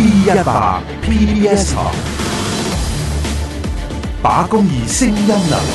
D 一百 PBS，把公義聲音留住。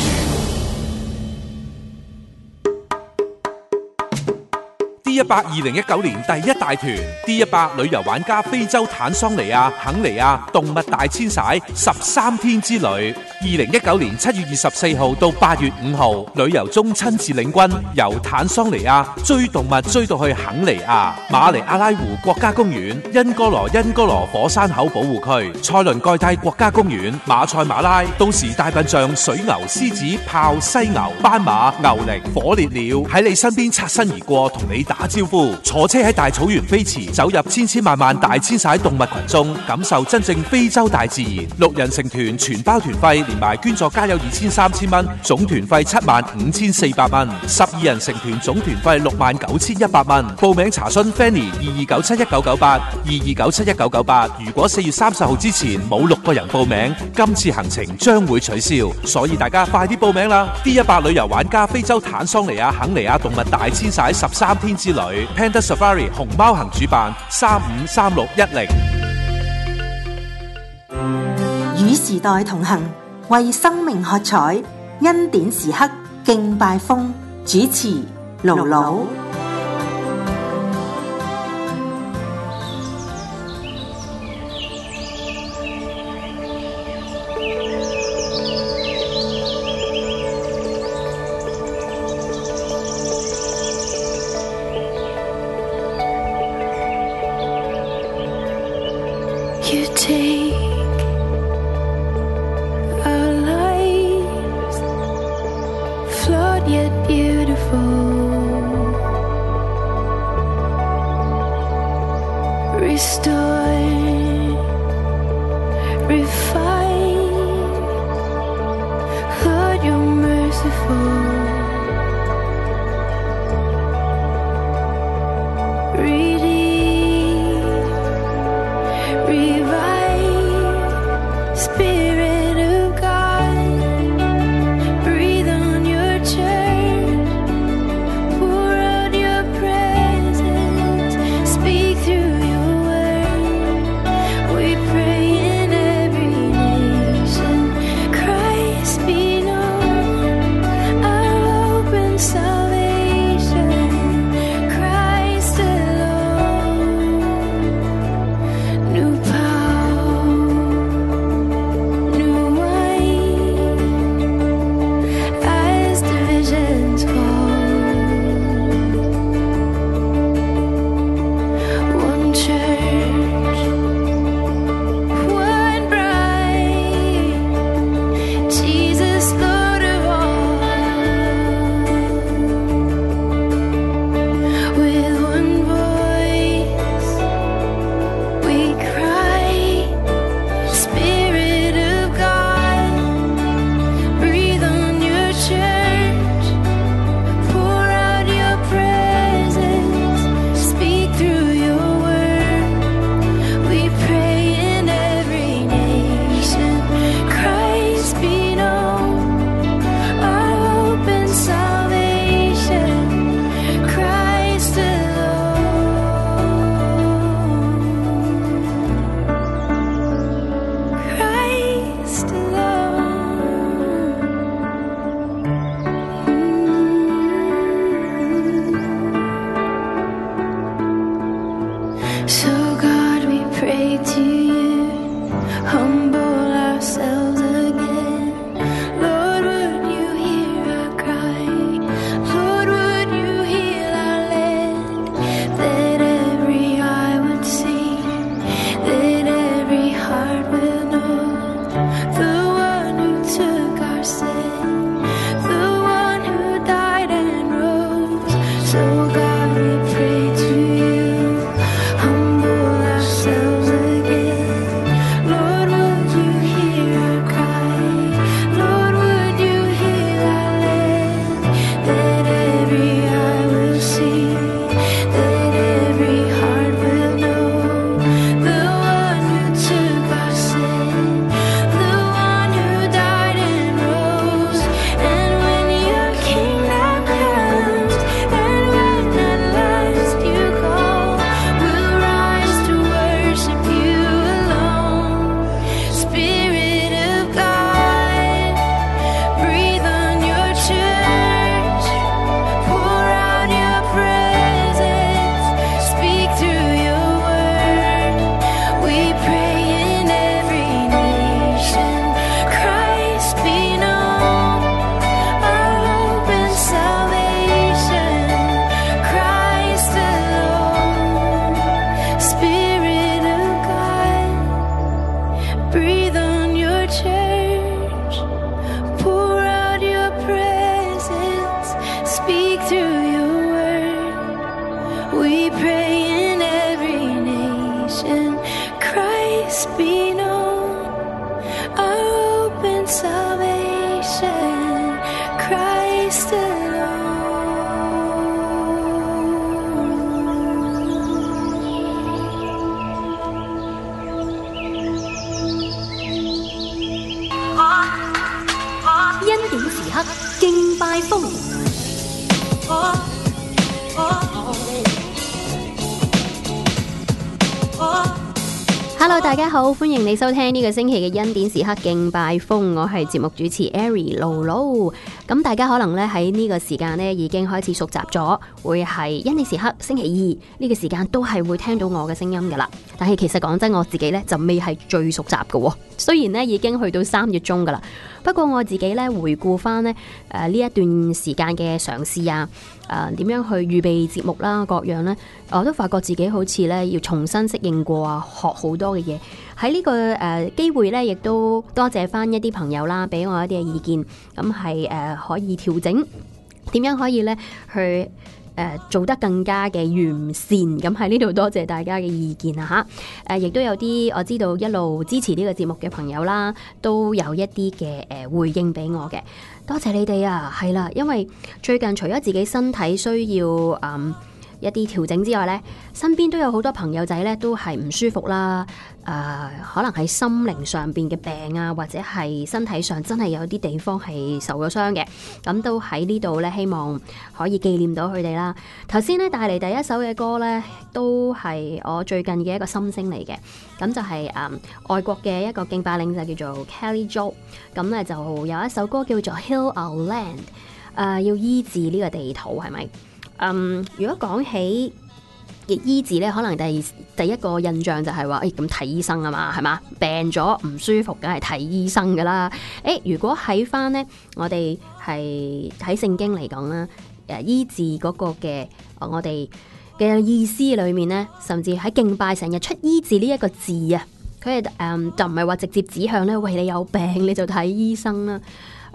D 一百，二零一九年第一大團，D 一百旅遊玩家非洲坦桑尼亞肯尼亞動物大遷徙十三天之旅。二零一九年七月二十四號到八月五號，旅遊中親自領軍，由坦桑尼亞追動物追到去肯尼亞馬尼阿拉湖國家公園、恩哥羅恩哥羅火山口保護區、塞倫蓋蒂國家公園、馬賽馬拉，到時大笨象、水牛、獅子、豹、犀牛、斑馬、牛羚、火烈鳥喺你身邊擦身而過，同你打招呼。坐車喺大草原飛馳，走入千千萬萬大遷徙動物群中，感受真正非洲大自然。六人成團，全包團費。埋捐助加有二萬三千蚊，總團費七萬五千四百蚊，十二人成團總團費六萬九千一百蚊。報名查詢：Fanny 二二九七一九九八二二九七一九九八。如果四月三十號之前冇六個人報名，今次行程將會取消，所以大家快啲報名啦！D 一百旅遊玩家非洲坦桑尼亞肯尼亞動物大遷徙十三天之旅，Panda Safari 熊貓行主辦，三五三六一零，與時代同行。為生命喝彩，恩典時刻敬拜風，主持，盧盧。收聽呢個星期嘅恩典時刻敬拜風，我係節目主持 Ari 露露。咁大家可能咧喺呢個時間咧已經開始熟習咗，會係恩典時刻星期二呢個時間都係會聽到我嘅聲音噶啦。但係其實講真，我自己咧就未係最熟習嘅。雖然咧已經去到三月中噶啦，不過我自己咧回顧翻呢誒呢一段時間嘅嘗試啊，誒點樣去預備節目啦，各樣呢，我都發覺自己好似咧要重新適應過啊，學好多嘅嘢。喺呢個誒機會咧，亦都多謝翻一啲朋友啦，俾我一啲嘅意見，咁係誒可以調整，點樣可以呢去，誒、呃、做得更加嘅完善咁喺呢度多謝大家嘅意見啊，嚇、啊、誒，亦都有啲我知道一路支持呢個節目嘅朋友啦，都有一啲嘅誒回應俾我嘅，多謝你哋啊，係啦，因為最近除咗自己身體需要，嗯。一啲調整之外咧，身邊都有好多朋友仔咧，都係唔舒服啦。誒、呃，可能喺心靈上邊嘅病啊，或者係身體上真係有啲地方係受咗傷嘅。咁都喺呢度咧，希望可以紀念到佢哋啦。頭先咧帶嚟第一首嘅歌咧，都係我最近嘅一個心聲嚟嘅。咁就係、是、誒、呃、外國嘅一個敬拜領袖就叫做 Kelly Joe。咁咧就有一首歌叫做 Heal Our Land、呃。誒，要醫治呢個地土係咪？是。嗯，um, 如果講起醫治咧，可能第第一個印象就係話，誒、哎，咁睇醫生啊嘛，係嘛，病咗唔舒服梗係睇醫生㗎啦。誒、哎，如果喺翻咧，我哋係喺聖經嚟講啦，誒，醫治嗰個嘅我哋嘅意思裏面咧，甚至喺敬拜成日出醫治呢一個字啊，佢係誒，就唔係話直接指向咧，喂，你有病你就睇醫生啦，誒、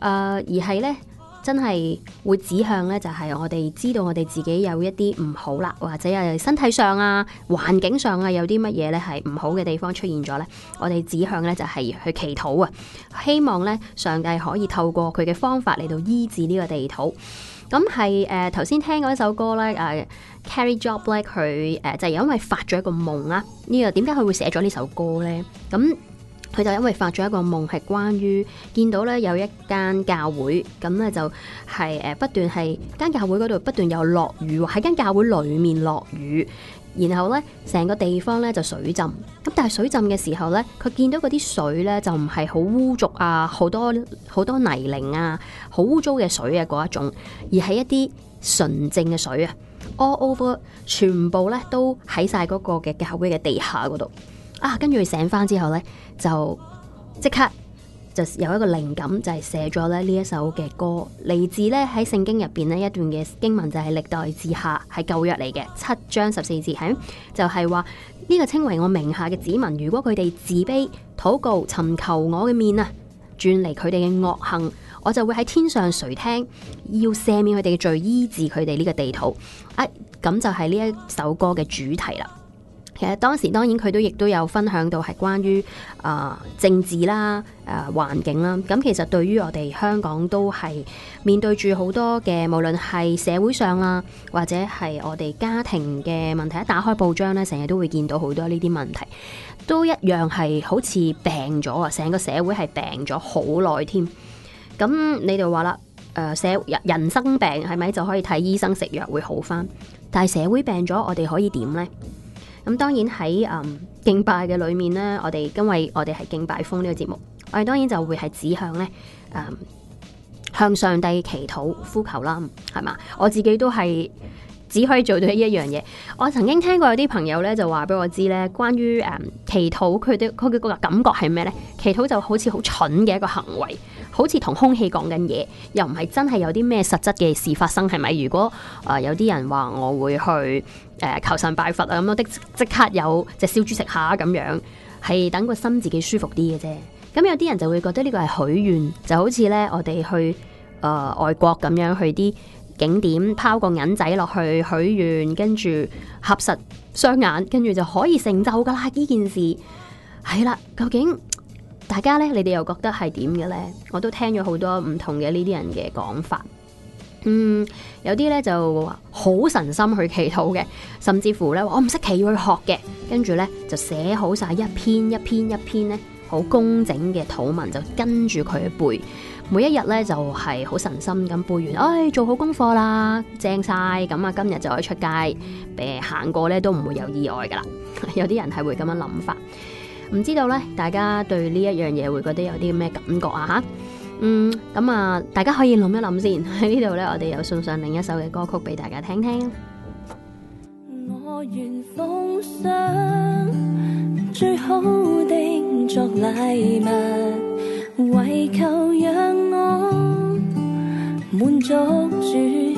呃，而係咧。真係會指向咧，就係、是、我哋知道我哋自己有一啲唔好啦，或者啊身體上啊環境上啊有啲乜嘢咧係唔好嘅地方出現咗咧，我哋指向咧就係、是、去祈禱啊，希望咧上帝可以透過佢嘅方法嚟到醫治呢個地土。咁係誒頭先聽過一首歌咧誒、呃、Carry Job Like 佢誒就係因為發咗一個夢啊，呢、這個點解佢會寫咗呢首歌咧？咁。佢就因為發咗一個夢，係關於見到咧有一間教會，咁咧就係誒不斷係間教會嗰度不斷有落雨喺間教會裡面落雨，然後咧成個地方咧就水浸，咁但係水浸嘅時候咧，佢見到嗰啲水咧就唔係好污濁啊，好多好多泥濘啊，好污糟嘅水啊嗰一種，而係一啲純淨嘅水啊，All over, 全部咧都喺晒嗰個嘅教會嘅地下嗰度。啊！跟住醒翻之後呢，就即刻就有一個靈感，就係、是、寫咗咧呢一首嘅歌，嚟自呢喺聖經入邊呢一段嘅經文、就是，就係歷代志下係舊約嚟嘅七章十四字。係就係話呢個稱為我名下嘅子民，如果佢哋自卑禱告尋求我嘅面啊，轉離佢哋嘅惡行，我就會喺天上垂聽，要赦免佢哋嘅罪，醫治佢哋呢個地土。咁、啊、就係呢一首歌嘅主題啦。其實當時當然佢都亦都有分享到係關於啊、呃、政治啦、啊、呃、環境啦。咁其實對於我哋香港都係面對住好多嘅，無論係社會上啦，或者係我哋家庭嘅問題。一打開報章咧，成日都會見到好多呢啲問題，都一樣係好似病咗啊！成個社會係病咗好耐添。咁你就話啦，誒、呃、社人，人生病係咪就可以睇醫生食藥會好返？但係社會病咗，我哋可以點呢？咁當然喺誒、嗯、敬拜嘅裏面咧，我哋因為我哋係敬拜風呢個節目，我哋當然就會係指向咧誒、嗯、向上帝祈禱呼求啦，係嘛？我自己都係只可以做到呢一樣嘢。我曾經聽過有啲朋友咧就話俾我知咧，關於誒、嗯、祈禱佢嘅佢嘅個感覺係咩咧？祈禱就好似好蠢嘅一個行為。好似同空氣講緊嘢，又唔係真係有啲咩實質嘅事發生，係咪？如果啊、呃、有啲人話我會去誒、呃、求神拜佛啊，咁我即刻有隻燒豬食下咁樣，係等個心自己舒服啲嘅啫。咁有啲人就會覺得呢個係許願，就好似呢我哋去誒、呃、外國咁樣去啲景點拋個銀仔落去許願，跟住合實雙眼，跟住就可以成就㗎喇呢件事。係啦，究竟？大家咧，你哋又覺得係點嘅呢？我都聽咗好多唔同嘅呢啲人嘅講法。嗯，有啲咧就話好神心去祈禱嘅，甚至乎咧話我唔識祈去學嘅，跟住咧就寫好晒一篇一篇一篇咧好工整嘅禱文，就跟住佢背。每一日咧就係好神心咁背完，唉、哎，做好功課啦，正晒。咁啊！今日就可以出街，誒行過咧都唔會有意外噶啦。有啲人係會咁樣諗法。唔知道咧，大家對呢一樣嘢會覺得有啲咩感覺啊？吓，嗯，咁啊，大家可以諗一諗先。喺呢度咧，我哋又送上另一首嘅歌曲俾大家聽聽。我願奉上最好定作禮物，唯求讓我滿足主。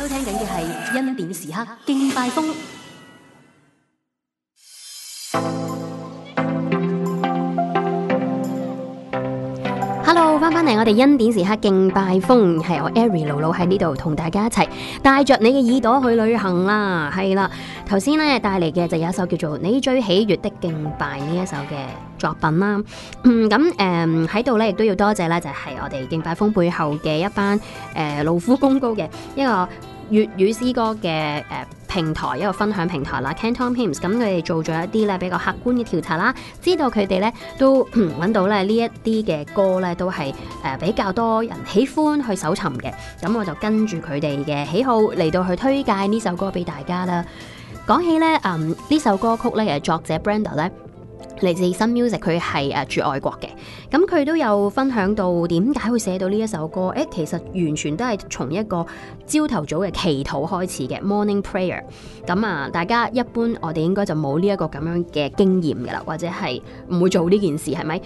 收聽緊嘅係恩典時刻敬拜風。Hello，翻返嚟，我哋恩典時刻敬拜風係我 Eric 露露喺呢度同大家一齊，帶着你嘅耳朵去旅行啦。係啦，頭先咧帶嚟嘅就有一首叫做《你最喜悅的敬拜》呢一首嘅作品啦。嗯，咁誒喺度呢，亦都要多謝呢就係我哋敬拜風背後嘅一班誒、呃、勞苦功高嘅一個。粵語詩歌嘅誒平台，一個分享平台啦，Canton Hymns，咁佢哋做咗一啲咧比較客觀嘅調查啦，知道佢哋咧都揾到咧呢一啲嘅歌咧都係誒比較多人喜歡去搜尋嘅，咁我就跟住佢哋嘅喜好嚟到去推介呢首歌俾大家啦。講起咧，嗯，呢首歌曲咧，其實作者 Brenda 咧。嚟自新 music，佢係誒住外國嘅，咁佢都有分享到點解會寫到呢一首歌？誒，其實完全都係從一個朝頭早嘅祈禱開始嘅 Morning Prayer。咁啊、嗯，大家一般我哋應該就冇呢一個咁樣嘅經驗㗎啦，或者係唔會做呢件事係咪？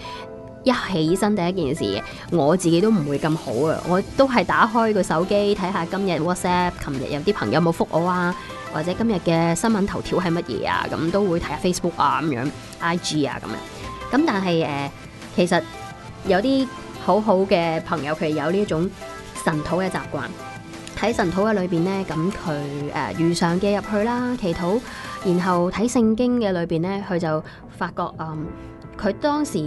一起身第一件事我自己都唔會咁好啊，我都係打開個手機睇下今日 WhatsApp，琴日有啲朋友冇覆我啊。或者今日嘅新聞頭條係乜嘢啊？咁都會睇下 Facebook 啊，咁樣 IG 啊，咁樣。咁但係誒，其實有啲好好嘅朋友，佢有呢一種晨禱嘅習慣，睇晨禱嘅裏邊呢，咁佢誒遇上嘅入去啦，祈禱，然後睇聖經嘅裏邊呢，佢就發覺嗯，佢、呃、當時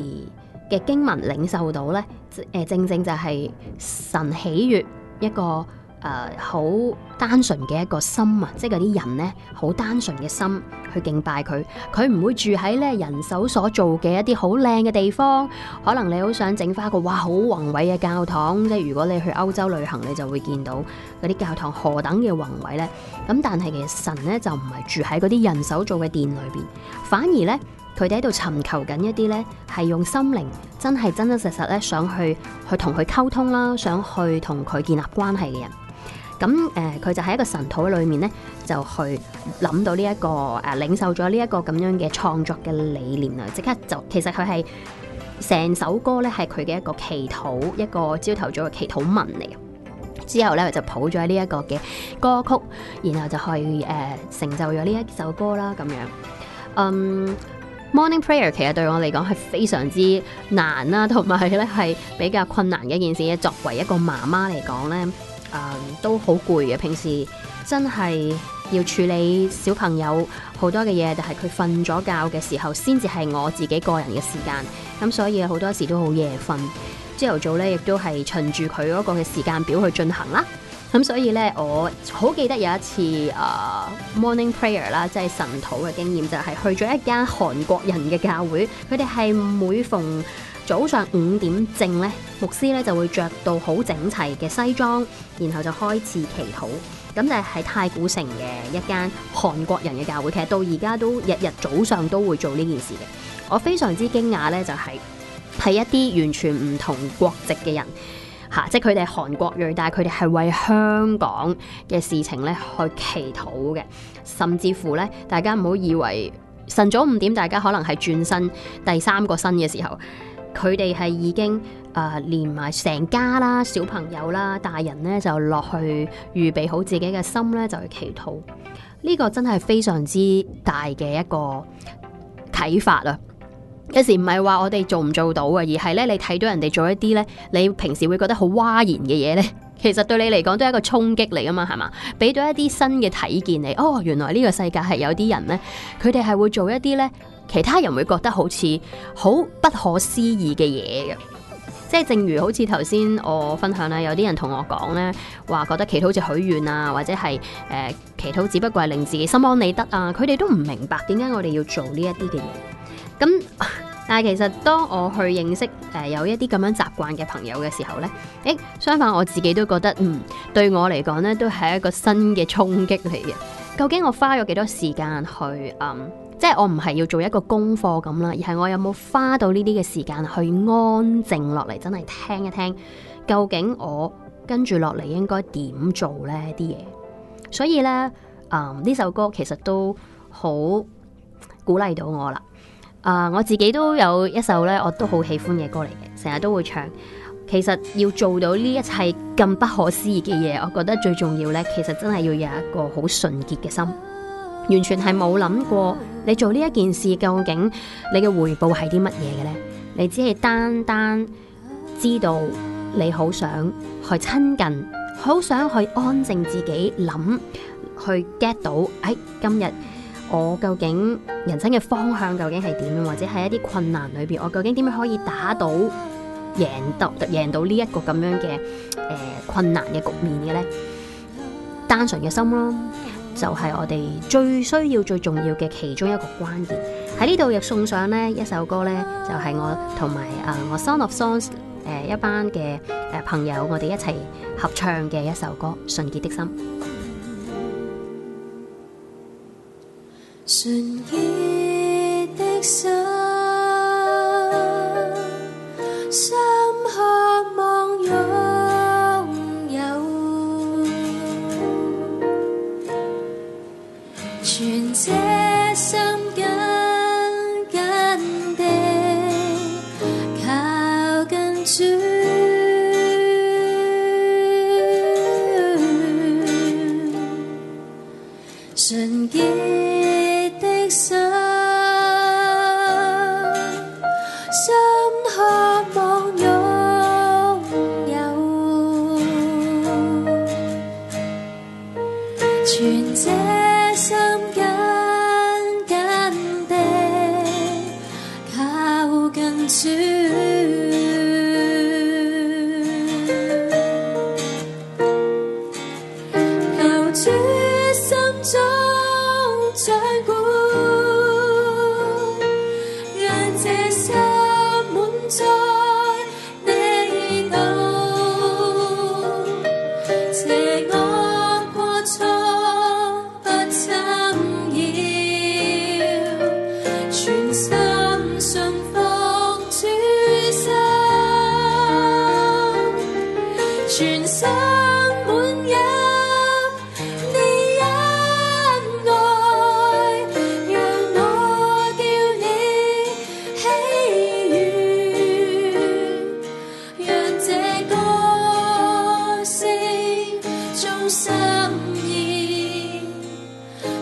嘅經文領受到呢，誒、呃、正正就係神喜悅一個。誒好、呃、單純嘅一個心啊，即係嗰啲人呢，好單純嘅心去敬拜佢。佢唔會住喺呢人手所做嘅一啲好靚嘅地方。可能你好想整翻一個哇好宏偉嘅教堂，即係如果你去歐洲旅行，你就會見到嗰啲教堂何等嘅宏偉呢。咁但係其實神呢，就唔係住喺嗰啲人手做嘅殿裏邊，反而呢，佢哋喺度尋求緊一啲呢係用心靈真係真真實實咧想去去同佢溝通啦，想去同佢建立關係嘅人。咁誒，佢、呃、就喺一個神土裏面咧，就去諗到呢、這、一個誒、呃，領受咗呢一個咁樣嘅創作嘅理念啦。即刻就其實佢係成首歌咧，係佢嘅一個祈禱，一個朝頭早嘅祈禱文嚟嘅。之後咧，就抱咗呢一個嘅歌曲，然後就去誒、呃、成就咗呢一首歌啦。咁樣，m、um, Morning Prayer 其實對我嚟講係非常之難啦、啊，同埋咧係比較困難嘅一件事。作為一個媽媽嚟講咧。誒、嗯，都好攰嘅。平時真係要處理小朋友好多嘅嘢，就係佢瞓咗覺嘅時候，先至係我自己個人嘅時間。咁所以好多時都好夜瞓，朝頭早咧亦都係循住佢嗰個嘅時間表去進行啦。咁所以咧，我好記得有一次誒、呃、，Morning Prayer 啦，即係神禱嘅經驗，就係、是、去咗一間韓國人嘅教會，佢哋係每逢。早上五點正咧，牧師咧就會着到好整齊嘅西裝，然後就開始祈禱。咁就係喺太古城嘅一間韓國人嘅教會。其實到而家都日日早上都會做呢件事嘅。我非常之驚訝咧、就係，就係係一啲完全唔同國籍嘅人嚇、啊，即係佢哋韓國裔，但係佢哋係為香港嘅事情咧去祈禱嘅。甚至乎咧，大家唔好以為晨早五點，大家可能係轉身第三個身嘅時候。佢哋係已經啊、呃、連埋成家啦、小朋友啦、大人咧就落去預備好自己嘅心咧，就去祈禱。呢個真係非常之大嘅一個啟發啊。有時唔係話我哋做唔做到啊，而係咧你睇到人哋做一啲咧，你平時會覺得好嘩然嘅嘢咧，其實對你嚟講都係一個衝擊嚟噶嘛，係嘛？俾到一啲新嘅睇見嚟。哦，原來呢個世界係有啲人咧，佢哋係會做一啲咧。其他人會覺得好似好不可思議嘅嘢嘅，即係正如好似頭先我分享啦，有啲人同我講咧，話覺得祈禱好似許願啊，或者係誒、呃、祈禱只不過係令自己心安理得啊，佢哋都唔明白點解我哋要做呢一啲嘅嘢。咁但係其實當我去認識誒、呃、有一啲咁樣習慣嘅朋友嘅時候咧，誒，相反我自己都覺得嗯，對我嚟講咧都係一個新嘅衝擊嚟嘅。究竟我花咗幾多時間去嗯？即係我唔係要做一個功課咁啦，而係我有冇花到呢啲嘅時間去安靜落嚟，真係聽一聽究竟我跟住落嚟應該點做呢啲嘢。所以呢，嗯，呢首歌其實都好鼓勵到我啦。啊，嗯，我自己都有一首呢，我都好喜歡嘅歌嚟嘅，成日都會唱。其實要做到呢一切咁不可思議嘅嘢，我覺得最重要呢，其實真係要有一個好純潔嘅心。完全係冇諗過，你做呢一件事究竟你嘅回報係啲乜嘢嘅呢？你只係單單知道你好想去親近，好想去安靜自己諗，去 get 到誒，今日我究竟人生嘅方向究竟係點樣？或者喺一啲困難裏邊，我究竟點樣可以打到贏到，贏到呢一個咁樣嘅誒困難嘅局面嘅呢？單純嘅心咯。就係我哋最需要、最重要嘅其中一個關鍵，喺呢度又送上咧一首歌咧，就係我同埋誒我 Son of Songs 誒一班嘅誒朋友，我哋一齊合唱嘅一首歌《純潔的心》《純潔的心》。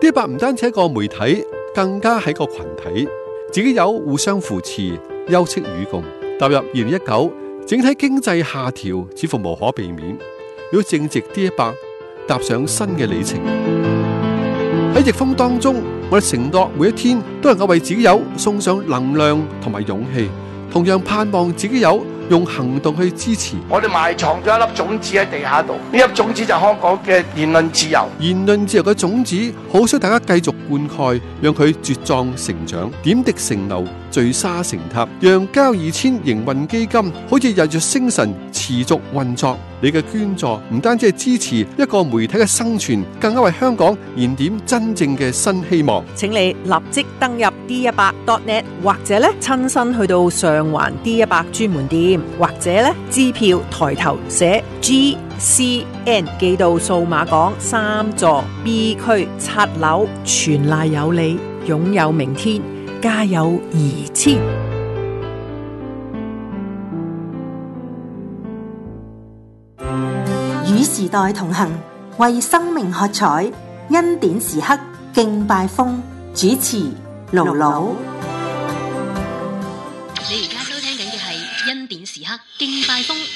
啲一百唔單止係一個媒體，更加係個群體，自己有互相扶持、休戚與共。踏入二零一九，整體經濟下調似乎無可避免。要正值啲一百，踏上新嘅里程。喺逆風當中，我哋承諾，每一天都能夠為自己有送上能量同埋勇氣。同樣盼望自己有。用行動去支持，我哋埋藏咗一粒種子喺地下度，呢粒種子就係香港嘅言論自由，言論自由嘅種子，好想大家繼續灌溉，讓佢茁壯成長，點滴成流。聚沙成塔，讓交二千營運基金，好似日月星辰持續運作。你嘅捐助唔單止係支持一個媒體嘅生存，更加為香港燃點真正嘅新希望。請你立即登入 D100.net，或者咧親身去到上環 D100 專門店，或者咧支票抬頭寫 GCN，寄到數碼港三座 B 區七樓，全賴有你，擁有明天。家有二千與時代同行，為生命喝彩。恩典時刻敬拜風，主持盧盧勞勞，你而家收聽緊嘅係恩典時刻敬拜風。，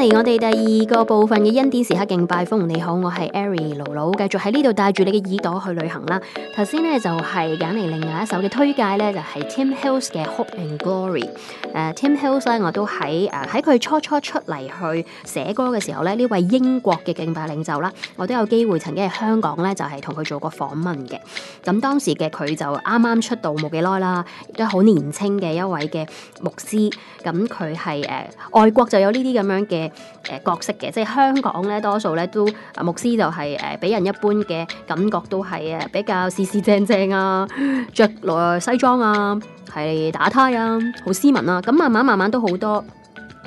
嚟我哋第二個部分嘅恩典時刻敬拜風，你好，我係 Ari 姥姥，繼續喺呢度帶住你嘅耳朵去旅行啦。頭先呢，就係揀嚟另外一首嘅推介呢就係、是、Tim Hills 嘅 Hope and Glory。誒、uh, Tim Hills 咧，我都喺誒喺佢初初出嚟去寫歌嘅時候咧，呢位英國嘅敬拜領袖啦，我都有機會曾經喺香港呢，就係同佢做過訪問嘅。咁當時嘅佢就啱啱出道冇幾耐啦，亦都好年輕嘅一位嘅牧師。咁佢係誒外國就有呢啲咁樣嘅。誒、呃，角色嘅，即係香港咧，多數咧都牧師就係誒，俾、呃、人一般嘅感覺都係誒，比較四四正正啊，着內西裝啊，係打呔啊，好斯文啊。咁慢慢慢慢都好多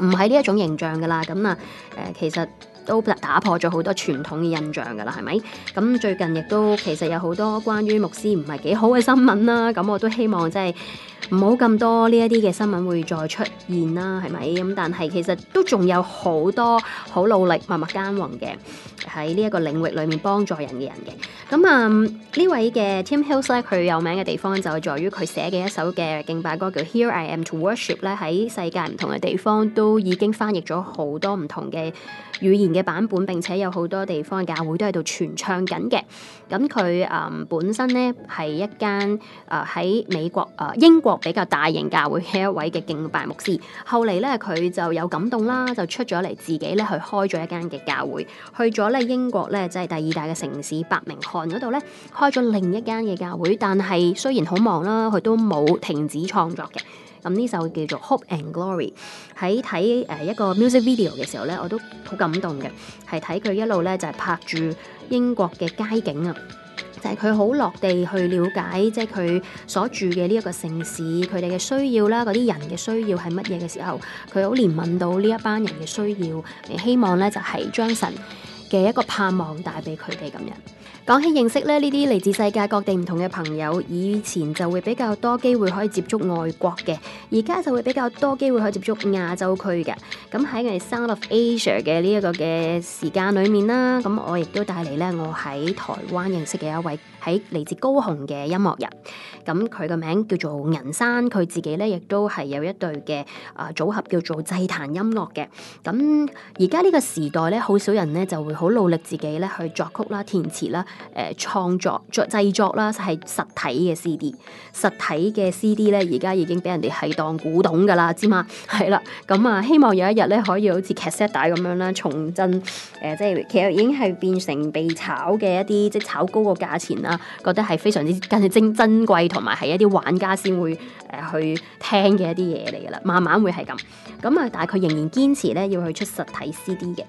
唔係呢一種形象噶啦。咁啊，誒、呃，其實都打破咗好多傳統嘅印象噶啦，係咪？咁最近亦都其實有好多關於牧師唔係幾好嘅新聞啦、啊。咁我都希望即、就、係、是。唔好咁多呢一啲嘅新聞會再出現啦，係咪？咁但係其實都仲有好多好努力默默耕耘嘅，喺呢一個領域裏面幫助人嘅人嘅。咁啊呢位嘅 Tim Hills 咧，佢有名嘅地方就係在於佢寫嘅一首嘅敬拜歌叫 Here I Am to Worship 咧，喺世界唔同嘅地方都已經翻譯咗好多唔同嘅語言嘅版本，並且有好多地方嘅教會都喺度傳唱緊嘅。咁佢啊本身咧係一間啊喺、呃、美國啊、呃、英國。比較大型教會嘅一位嘅敬拜牧師，後嚟咧佢就有感動啦，就出咗嚟自己咧去開咗一間嘅教會，去咗咧英國咧即係第二大嘅城市伯明翰嗰度咧開咗另一間嘅教會，但係雖然好忙啦，佢都冇停止創作嘅。咁呢首叫做《Hope and Glory》，喺睇誒一個 music video 嘅時候咧，我都好感動嘅，係睇佢一路咧就係、是、拍住英國嘅街景啊。就係佢好落地去了解，即係佢所住嘅呢一個城市，佢哋嘅需要啦，嗰啲人嘅需要係乜嘢嘅時候，佢好憐憫到呢一班人嘅需要，希望咧就係將神嘅一個盼望帶俾佢哋咁樣。講起認識咧，呢啲嚟自世界各地唔同嘅朋友，以前就會比較多機會可以接觸外國嘅，而家就會比較多機會可以接觸亞洲區嘅。咁喺《我哋 Sound of Asia》嘅呢一個嘅時間裏面啦，咁我亦都帶嚟呢。我喺台灣認識嘅一位喺嚟自高雄嘅音樂人。咁佢個名叫做銀山，佢自己呢亦都係有一隊嘅啊組合叫做祭壇音樂嘅。咁而家呢個時代呢，好少人呢就會好努力自己呢去作曲啦、填詞啦。誒、呃、創作作製作啦，就係實體嘅 CD，實體嘅 CD 咧，而家已經俾人哋係當古董噶啦，知嘛？係啦，咁、嗯、啊，希望有一日咧，可以好似卡式帶咁樣啦，重振誒，即係其實已經係變成被炒嘅一啲，即係炒高個價錢啦，覺得係非常之更加精珍貴，同埋係一啲玩家先會誒、呃、去聽嘅一啲嘢嚟噶啦，慢慢會係咁。咁、嗯、啊，但係佢仍然堅持咧要去出實體 CD 嘅。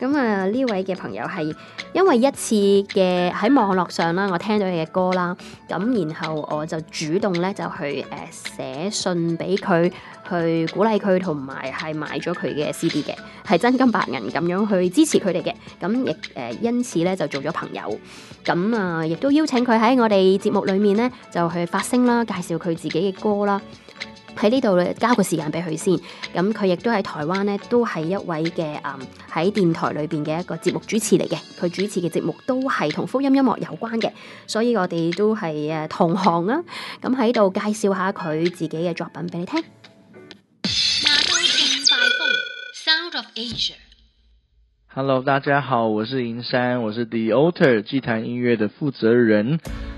咁啊呢位嘅朋友係因為一次嘅喺網絡上啦，我聽到佢嘅歌啦，咁然後我就主動咧就去誒寫信俾佢，去鼓勵佢同埋係買咗佢嘅 CD 嘅，係真金白銀咁樣去支持佢哋嘅，咁亦誒因此咧就做咗朋友，咁啊亦都邀請佢喺我哋節目裏面咧就去發聲啦，介紹佢自己嘅歌啦。喺呢度咧，交個時間俾佢先。咁佢亦都喺台灣呢都係一位嘅誒喺電台裏邊嘅一個節目主持嚟嘅。佢主持嘅節目都係同福音音樂有關嘅，所以我哋都係誒同行啦、啊。咁喺度介紹下佢自己嘅作品俾你聽。Hello，大家好，我是銀山，我是 The Altar 祭壇音樂嘅負責人。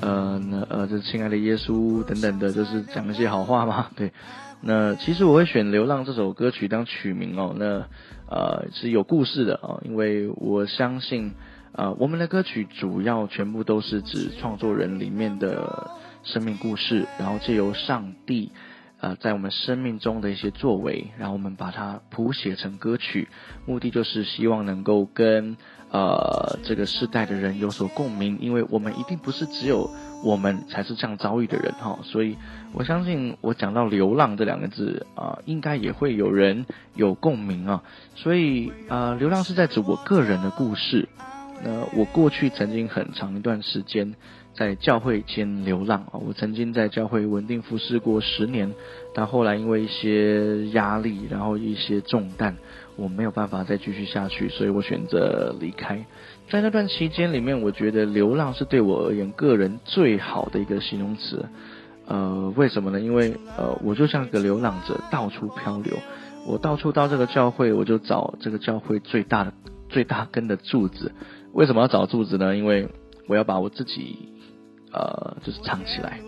呃，那呃，這親愛的耶穌等等的，就是講一些好話嘛。對，那其實我會選《流浪》這首歌曲當曲名哦。那呃，是有故事的哦，因為我相信，呃，我們的歌曲主要全部都是指創作人裏面的生命故事，然後借由上帝，呃，在我們生命中的一些作為，然後我們把它譜寫成歌曲，目的就是希望能夠跟。呃，這個世代的人有所共鳴，因為我們一定不是只有我們才是這樣遭遇的人哈、哦，所以我相信我講到“流浪”這兩個字啊、呃，應該也會有人有共鳴啊、哦。所以，啊、呃，流浪是在指我個人的故事。那、呃、我過去曾經很長一段時間在教會間流浪啊、哦，我曾經在教會穩定服侍過十年，但後來因為一些壓力，然後一些重擔。我沒有辦法再繼續下去，所以我選擇離開。在那段期間裏面，我覺得流浪是對我而言個人最好的一個形容詞。呃，為什麼呢？因為呃，我就像個流浪者，到處漂流。我到處到這個教會，我就找這個教會最大的最大根的柱子。為什麼要找柱子呢？因為我要把我自己呃，就是藏起來。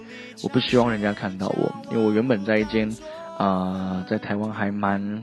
我不希望人家看到我，因為我原本在一間啊、呃，在台灣還蠻。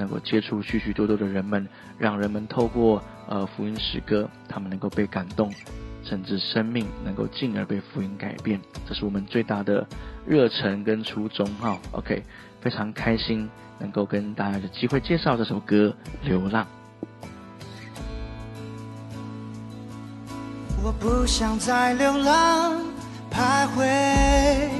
能夠接觸許許多多的人們，讓人們透過呃，福音詩歌，他們能夠被感動，甚至生命能夠進而被福音改變，這是我們最大的熱忱跟初衷。哈，OK，非常開心能夠跟大家有機會介紹這首歌《流浪》。我不想再流浪，徘徊。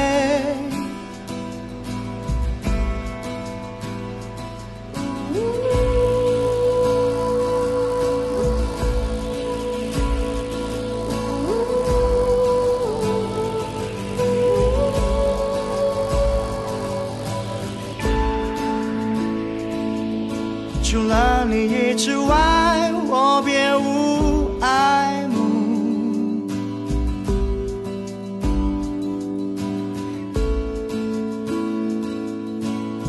之外，我別無愛慕。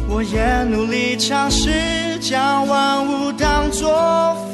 我也努力嘗試將萬物當作。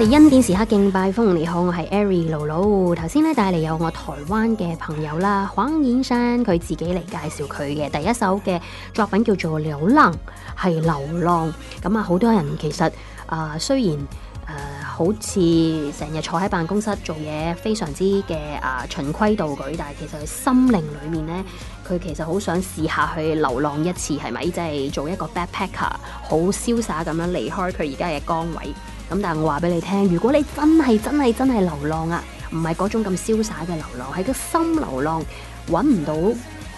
我哋恩典時刻敬拜風，風，你好，我係 Eric 露露。頭先咧帶嚟有我台灣嘅朋友啦，黃燕山，佢自己嚟介紹佢嘅第一首嘅作品叫做《流浪》，係流浪。咁啊，好多人其實啊、呃，雖然誒、呃、好似成日坐喺辦公室做嘢，非常之嘅啊、呃、循規蹈矩，但係其實佢心靈裏面咧，佢其實好想試下去流浪一次，係咪？即、就、係、是、做一個 backpacker，好瀟灑咁樣離開佢而家嘅崗位。咁但係我話俾你聽，如果你真係真係真係流浪啊，唔係嗰種咁瀟灑嘅流浪，係個心流浪，揾唔到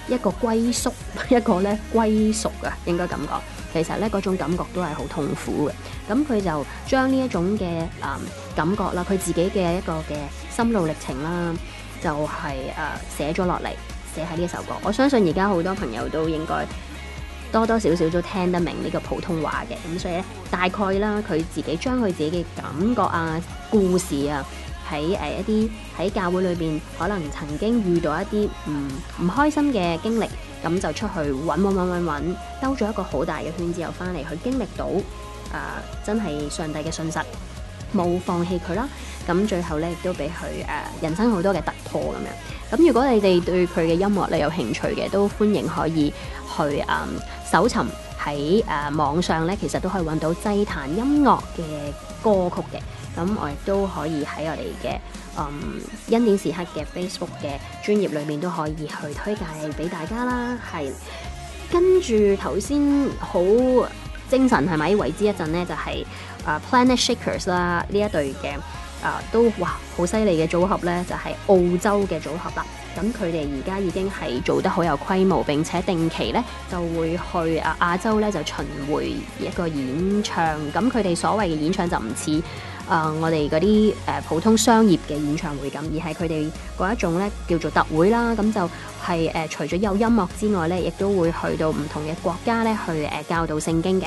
一個歸宿，一個咧歸宿啊，應該咁講。其實咧嗰種感覺都係好痛苦嘅。咁佢就將呢一種嘅誒、嗯、感覺啦，佢自己嘅一個嘅心路歷程啦，就係誒寫咗落嚟，寫喺呢一首歌。我相信而家好多朋友都應該。多多少少都聽得明呢個普通話嘅，咁所以咧，大概啦，佢自己將佢自己嘅感覺啊、故事啊，喺誒一啲喺教會裏邊，可能曾經遇到一啲唔唔開心嘅經歷，咁就出去揾揾揾揾揾，兜咗一個好大嘅圈子又翻嚟去經歷到啊、呃，真係上帝嘅信實冇放棄佢啦。咁最後咧，亦都俾佢誒人生好多嘅突破咁樣。咁如果你哋對佢嘅音樂咧有興趣嘅，都歡迎可以去誒。呃搜尋喺誒、啊、網上咧，其實都可以揾到祭壇音樂嘅歌曲嘅。咁我亦都可以喺我哋嘅誒恩典時刻嘅 Facebook 嘅專頁裏面都可以去推介俾大家啦。係跟住頭先好精神係咪為之一陣咧？就係、是、誒、啊、Planet Shakers 啦呢一隊嘅。啊，都哇，好犀利嘅組合呢，就係、是、澳洲嘅組合啦。咁佢哋而家已經係做得好有規模，並且定期呢就會去亞、啊、亞洲呢，就巡迴一個演唱。咁佢哋所謂嘅演唱就唔似啊我哋嗰啲誒普通商業嘅演唱會咁，而係佢哋嗰一種呢叫做特會啦。咁就係誒、啊、除咗有音樂之外呢，亦都會去到唔同嘅國家呢，去誒、啊、教導聖經嘅。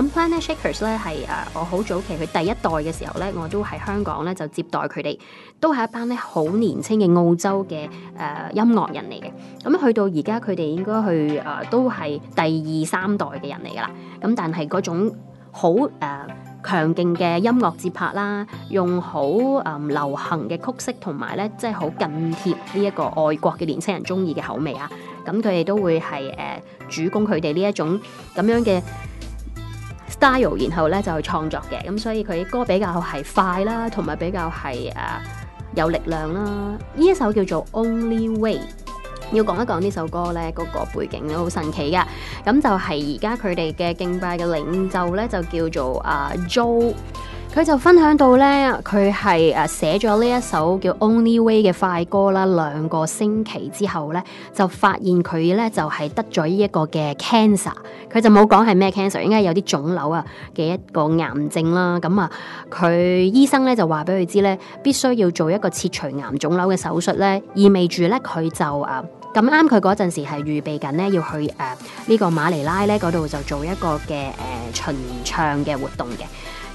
咁 Planet Shakers 咧係誒，我好早期去第一代嘅時候咧，我都喺香港咧就接待佢哋，都係一班咧好年輕嘅澳洲嘅誒、呃、音樂人嚟嘅。咁去到而家，佢哋應該去誒、呃、都係第二三代嘅人嚟噶啦。咁但係嗰種好誒強勁嘅音樂節拍啦，用好誒、呃、流行嘅曲式，同埋咧即係好近貼呢一個外國嘅年青人中意嘅口味啊。咁佢哋都會係誒、呃、主攻佢哋呢一種咁樣嘅。style，然後咧就去創作嘅，咁所以佢啲歌比較係快啦，同埋比較係誒、啊、有力量啦。呢一首叫做《Only Way》，要講一講呢首歌咧，嗰、那個背景都好神奇嘅。咁就係而家佢哋嘅敬拜嘅領袖咧，就叫做啊 Jo。Joe 佢就分享到咧，佢係誒寫咗呢一首叫《Only Way》嘅快歌啦。兩個星期之後咧，就發現佢咧就係、是、得咗呢一個嘅 cancer。佢就冇講係咩 cancer，應該有啲腫瘤啊嘅一個癌症啦。咁啊，佢醫生咧就話俾佢知咧，必須要做一個切除癌腫瘤嘅手術咧，意味住咧佢就誒咁啱佢嗰陣時係預備緊咧要去誒、啊這個、呢個馬尼拉咧嗰度就做一個嘅誒巡唱嘅活動嘅。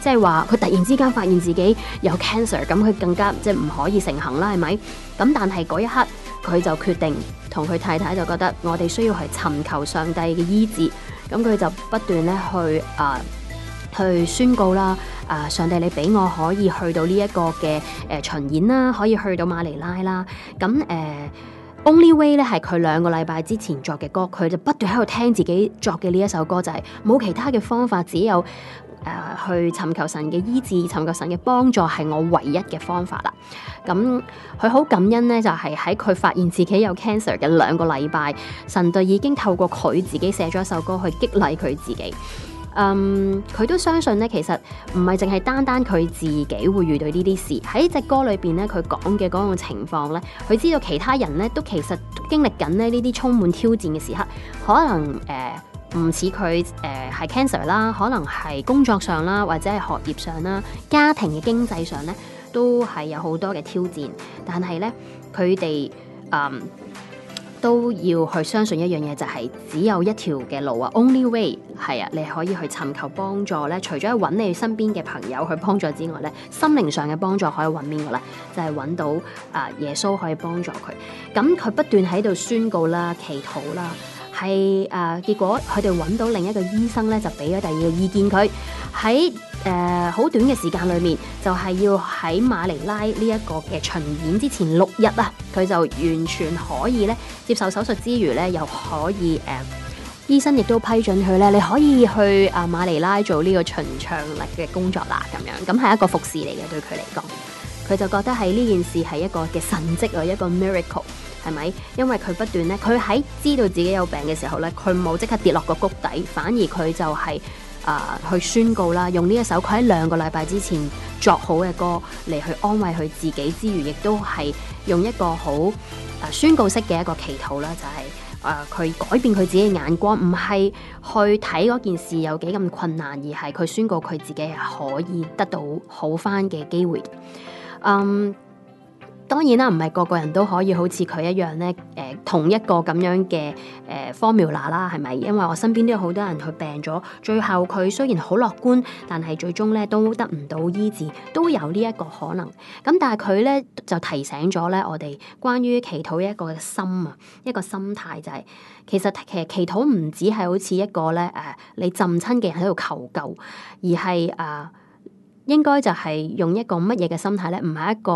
即係話佢突然之間發現自己有 cancer，咁佢更加即係唔可以成行啦，係咪？咁但係嗰一刻佢就決定同佢太太就覺得我哋需要去尋求上帝嘅醫治，咁佢就不斷咧去啊、呃、去宣告啦啊、呃！上帝，你俾我可以去到這、呃呃呃呃、呢一個嘅誒巡演啦，可以去到馬尼拉啦。咁誒，Only Way 咧係佢兩個禮拜之前作嘅歌，佢就不斷喺度聽自己作嘅呢一首歌，就係、是、冇其他嘅方法，只有。誒、呃、去尋求神嘅醫治，尋求神嘅幫助係我唯一嘅方法啦。咁佢好感恩呢，就係喺佢發現自己有 cancer 嘅兩個禮拜，神就已經透過佢自己寫咗一首歌去激勵佢自己。嗯，佢都相信呢，其實唔係淨係單單佢自己會遇到呢啲事。喺隻歌裏邊呢，佢講嘅嗰種情況呢，佢知道其他人呢，都其實都經歷緊咧呢啲充滿挑戰嘅時刻，可能誒，呃唔似佢誒係 cancer 啦，呃、是 can cer，可能係工作上啦，或者係學業上啦，家庭嘅經濟上咧，都係有好多嘅挑戰。但係咧，佢哋嗯都要去相信一樣嘢，就係、是、只有一條嘅路啊，only way 係啊，你可以去尋求幫助咧。除咗揾你身邊嘅朋友去幫助之外咧，心靈上嘅幫助可以揾邊個咧？就係、是、揾到啊、呃、耶穌可以幫助佢。咁佢不斷喺度宣告啦、祈禱啦。係誒、呃，結果佢哋揾到另一個醫生咧，就俾咗第二個意見佢。喺誒好短嘅時間裏面，就係、是、要喺馬尼拉呢一個嘅巡演之前六日啊，佢就完全可以咧接受手術之餘咧，又可以誒、呃，醫生亦都批准佢咧，你可以去啊馬尼拉做呢個巡場力嘅工作啦，咁樣，咁係一個服侍嚟嘅，對佢嚟講，佢就覺得喺呢件事係一個嘅神蹟啊，一個 miracle。係咪？因為佢不斷咧，佢喺知道自己有病嘅時候咧，佢冇即刻跌落個谷底，反而佢就係、是、誒、呃、去宣告啦，用呢一首佢喺兩個禮拜之前作好嘅歌嚟去安慰佢自己之餘，亦都係用一個好、呃、宣告式嘅一個祈禱啦，就係誒佢改變佢自己嘅眼光，唔係去睇嗰件事有幾咁困難，而係佢宣告佢自己係可以得到好翻嘅機會。嗯。當然啦，唔係個個人都可以好似佢一樣呢，誒、呃，同一個咁樣嘅誒 formula 啦，啦係咪？因為我身邊都有好多人佢病咗，最後佢雖然好樂觀，但係最終呢都得唔到醫治，都有呢一個可能。咁但係佢呢，就提醒咗呢我哋關於祈禱一個嘅心啊，一個心態就係、是、其實其實祈禱唔止係好似一個呢，誒、呃，你浸親嘅人喺度求救，而係啊、呃、應該就係用一個乜嘢嘅心態呢？唔係一個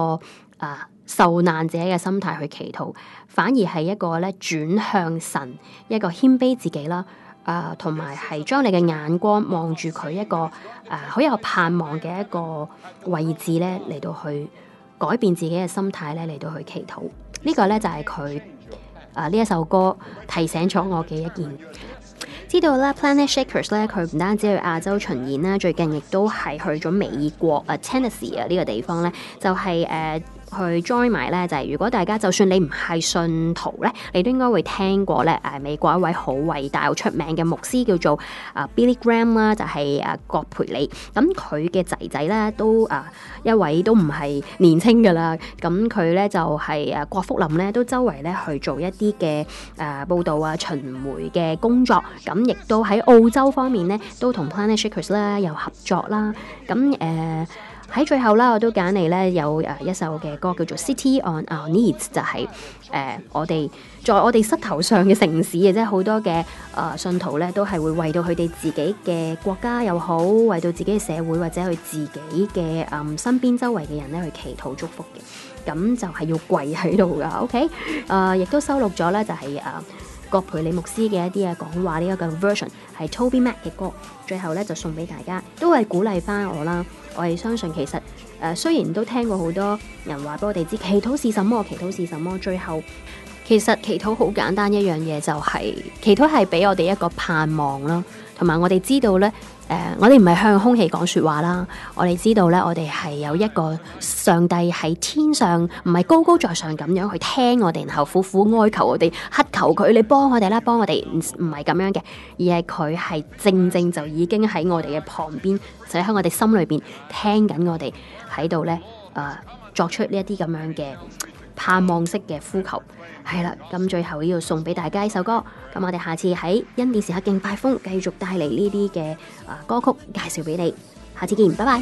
啊～、呃受難者嘅心態去祈禱，反而係一個咧轉向神一個謙卑自己啦，啊、呃，同埋係將你嘅眼光望住佢一個啊好、呃、有盼望嘅一個位置咧，嚟到去改變自己嘅心態咧，嚟到去祈禱。這個、呢個咧就係佢啊呢一首歌提醒咗我嘅一件。知道啦，Planet Shakers 咧，佢唔單止去亞洲巡演啦，最近亦都係去咗美國啊、呃、Tennessee 啊呢個地方咧，就係、是、誒。呃去 join 埋咧，就係如果大家就算你唔係信徒咧，你都應該會聽過咧。誒，美國一位好偉大又出名嘅牧師叫做啊 Billy Graham 啦，就係啊葛培理。咁佢嘅仔仔咧都啊一位都唔係年輕噶啦。咁佢咧就係、是、啊郭福林咧，都周圍咧去做一啲嘅誒報道啊、巡迴嘅工作。咁亦都喺澳洲方面咧，都同 Planet Shakers 咧有合作啦。咁誒。呃喺最後啦，我都揀嚟咧有誒一首嘅歌叫做 City on Our Knees，就係、是、誒、呃、我哋在我哋膝頭上嘅城市嘅，即係好多嘅誒、呃、信徒咧，都係會為到佢哋自己嘅國家又好，為到自己嘅社會或者佢自己嘅誒、呃、身邊周圍嘅人咧去祈禱祝福嘅，咁就係要跪喺度㗎，OK，誒、呃、亦都收錄咗咧、就是，就係誒。葛培理牧師嘅一啲嘅講話呢一、這個 version 係 Toby Mac 嘅歌，最後呢，就送俾大家，都係鼓勵翻我啦。我係相信其實誒、呃，雖然都聽過好多人話俾我哋知，祈禱是什麼？祈禱是什麼？最後其實祈禱好簡單的一樣嘢、就是，就係祈禱係俾我哋一個盼望啦，同埋我哋知道呢。誒，uh，我哋唔係向空氣講說話啦，我哋知道咧，我哋係有一個上帝喺天上，唔係高高在上咁樣去聽我哋，然後苦苦哀求我哋，乞求佢你幫我哋啦，幫我哋唔唔係咁樣嘅，而係佢係正正就已經喺我哋嘅旁邊，就喺我哋心裏邊聽緊我哋喺度咧，誒，呃，作出呢一啲咁樣嘅。盼望式嘅呼求，係啦，咁最後要送俾大家一首歌，咁我哋下次喺恩典時刻敬拜風，繼續帶嚟呢啲嘅啊歌曲介紹俾你，下次見，拜拜。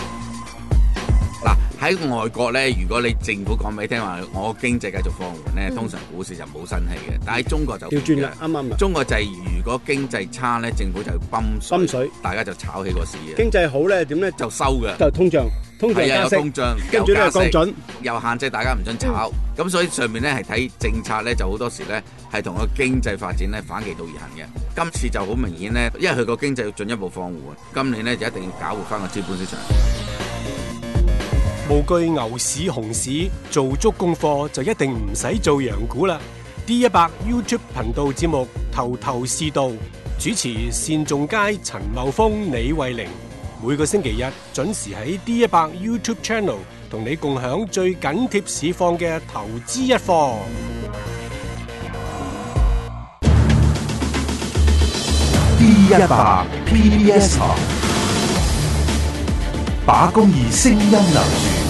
嗱喺外國咧，如果你政府講俾你聽話，我經濟繼續放緩咧，通常股市就冇生氣嘅。但係中國就調轉啦，啱啱中國就係如果經濟差咧，政府就要泵水，泵水大家就炒起個市嘅。經濟好咧，點咧就收嘅，就通脹，通脹加息，跟住咧降準，又限制大家唔准炒。咁、嗯、所以上面咧係睇政策咧，就好多時咧係同個經濟發展咧反其道而行嘅。今次就好明顯咧，因為佢個經濟要進一步放緩，今年咧就一定要搞活翻個資本市場。無懼牛市熊市，做足功課就一定唔使做羊股啦！D 一百 YouTube 頻道節目《頭頭是道》，主持：單仲佳、陳茂峰、李慧玲。每個星期日準時喺 D 一百 YouTube Channel 同你共享最緊貼市況嘅投資一課。D 一百 PBS Talk，把公義聲音留住。